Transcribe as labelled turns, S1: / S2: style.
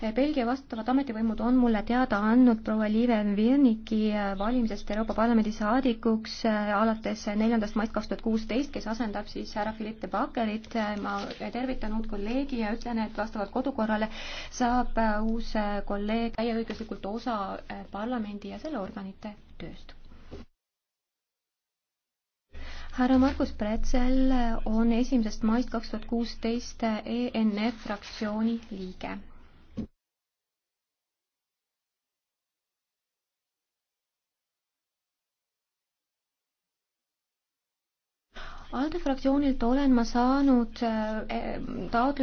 S1: Eh, Belgia vastutavad ametivõimud on mulle teada andnud proua Liive Virniki eh, valimisest Euroopa Parlamendi saadikuks eh, alates neljandast maist kaks tuhat kuusteist, kes asendab siis härra Philippe de Bakkerit. ma tervitan uut kolleegi ja ütlen, et vastavalt kodukorrale saab uus kolleeg täieõiguslikult osa parlamendi ja selle organite tööst härra Margus Pretzel on esimesest maist kaks tuhat kuusteist ENF fraktsiooni liige.
S2: ALDE fraktsioonilt olen ma saanud eh, taotluse